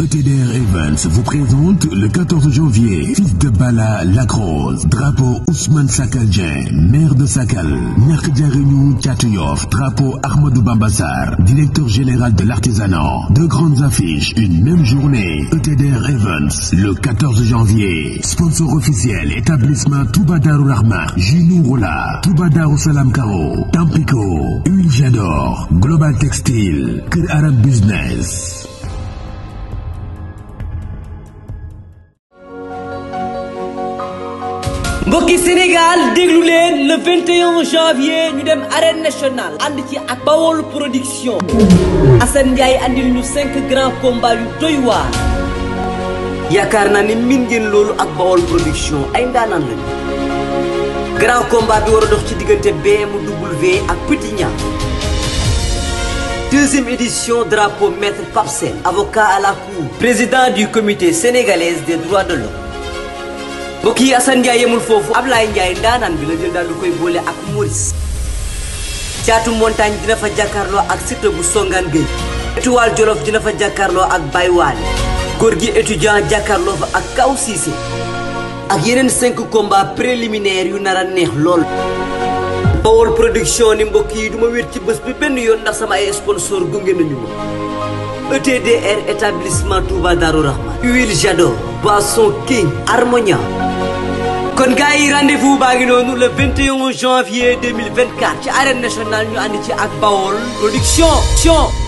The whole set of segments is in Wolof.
ETDR Events vous présente le janvier fils de Bala Lacrosse drapeau Ousmane Sakal maire de Sakal ñàkk jariñu Thiatou Yoff drapeau Ahmadou Bamba directeur général de l'artisanat deux grandes affiches une même journée ETDR Events le 14 janvier sponsor officiel établissement Touba Darou Rahman Jinourula Touba Darou Salam Karo Tampico Huile Global Textile Kër Arab Business mbokki Sénégal déglu leen le 21 janvier ñu dem arène national ànd ci ak Bawol production Assane Ndiaye andil ñu cinq grands combats yu doy waar yaakaar naa ne min loolu ak Bawol production ay ndaanaan lañu grand combat bi war a dox ci diggante BMW ak Petit Niang deuxième édition drapeau maître Pape Sène avocat à la cour président du comité sénégalais des droits de l'homme bokki yi Assane Ndiaye yemul foofu Ablaye Ndiaye ndaanaan bi la jël daal du koy boole ak Maurice caatu montagne dina fa jàkkaarloo ak Siteu bu songaan géej étoile Jolof dina fa jàkkaarloo ak Baywaale góor gi étudiant jàkkaarloo fa ak Kaw Siise ak yeneen cinq combats préliminaires yu nar a neex lool Bawol production ni mbokk yi duma wéet ci bés bi benn yoon ndax sama ay sponsor gunge nañu ma ETDR établissement Touba Darou Rahman Boisson King Harmonia kon gars yi rendez baa ngi noonu le 21 janvier 2024 ci arène nationale ñu ànd ci ak Bawol production.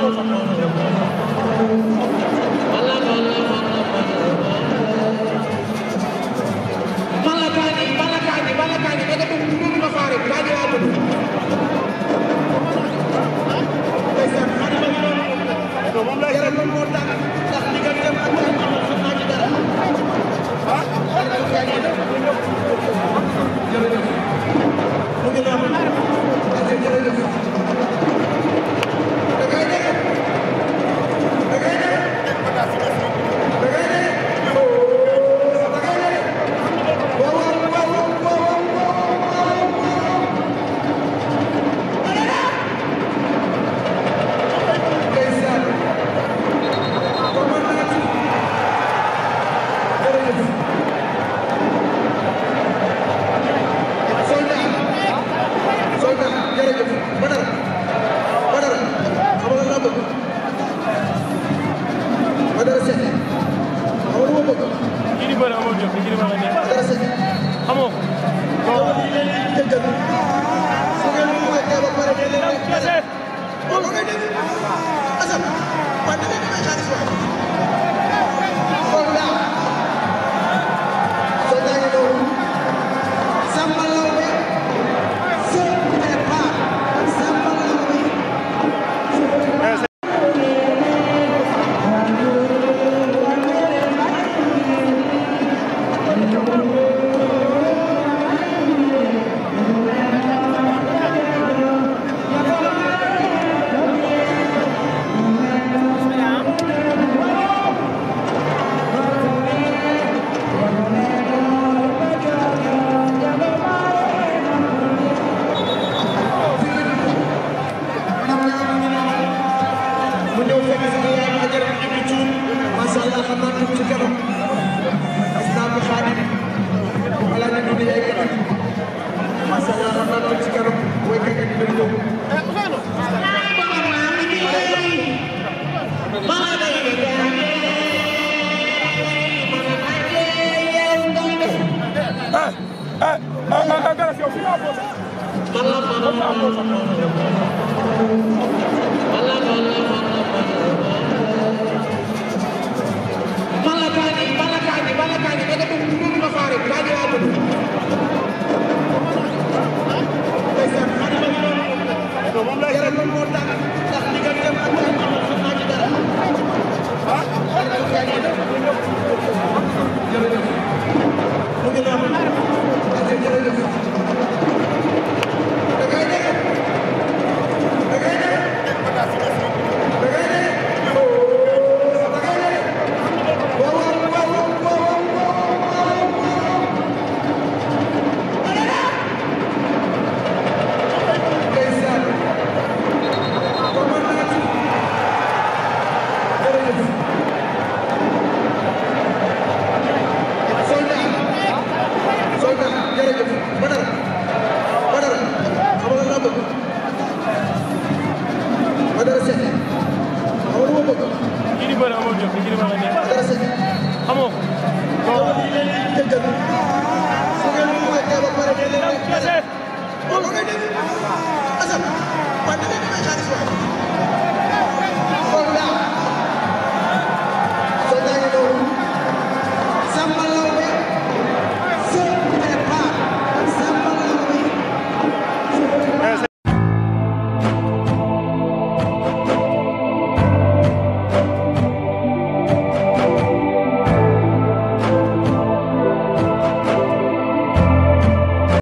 moom lay yàlla loolu moo tax Asan, wanda ne ne mai shafi Thank you. Asal, pandemi ini mencari suara.